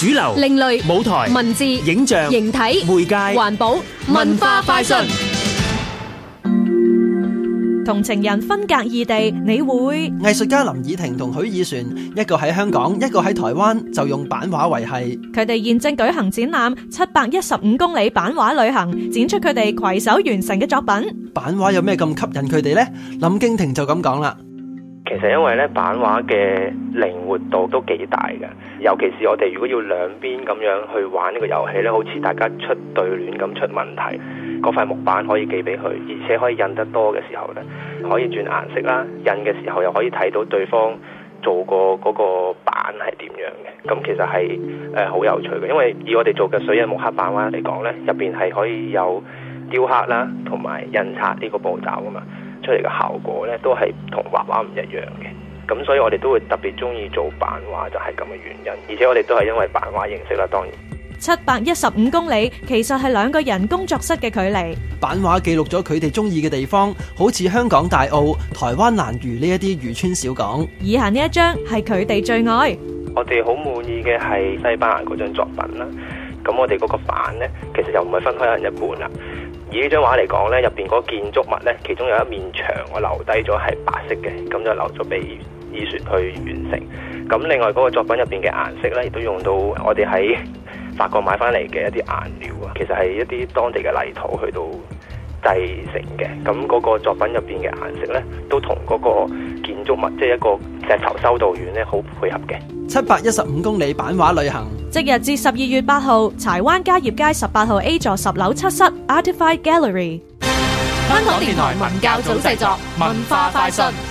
主流、另類舞台、文字、影像、形體、媒介、環保、文化快訊。同情人分隔異地，你會？藝術家林以婷同許以璇，一個喺香港，一個喺台灣，就用版畫維繫。佢哋現正舉行展覽《七百一十五公里版畫旅行》，展出佢哋携手完成嘅作品。版畫有咩咁吸引佢哋呢？林京婷就咁講啦。其實因為咧版畫嘅靈活度都幾大嘅，尤其是我哋如果要兩邊咁樣去玩呢個遊戲咧，好似大家出對聯咁出問題，嗰塊木板可以寄俾佢，而且可以印得多嘅時候咧，可以轉顏色啦，印嘅時候又可以睇到對方做過嗰個版係點樣嘅，咁其實係誒好有趣嘅，因為以我哋做嘅水印木刻版畫嚟講咧，入邊係可以有雕刻啦同埋印刷呢個步驟噶嘛。出嚟嘅效果咧，都係同畫畫唔一樣嘅。咁所以我哋都會特別中意做版畫，就係咁嘅原因。而且我哋都係因為版畫認識啦，當然七百一十五公里，其實係兩個人工作室嘅距離。版畫記錄咗佢哋中意嘅地方，好似香港大澳、台灣蘭嶼呢一啲漁村小港。以下呢一張係佢哋最愛。我哋好滿意嘅係西班牙嗰張作品啦。咁我哋嗰個版咧，其實又唔係分開一人一半啦。以呢張畫嚟講呢，入邊嗰建築物呢，其中有一面牆我留低咗係白色嘅，咁就留咗俾以雪去完成。咁另外嗰個作品入邊嘅顏色呢，亦都用到我哋喺法國買翻嚟嘅一啲顏料啊，其實係一啲當地嘅泥土去到製成嘅。咁嗰個作品入邊嘅顏色呢，都同嗰個建築物，即係、就是、一個。日頭收道遠咧，好配合嘅七百一十五公里版畫旅行，即日至十二月八號，柴灣嘉業街十八號 A 座十樓七室 Artify Gallery。香港電台文教組製作，文化快訊。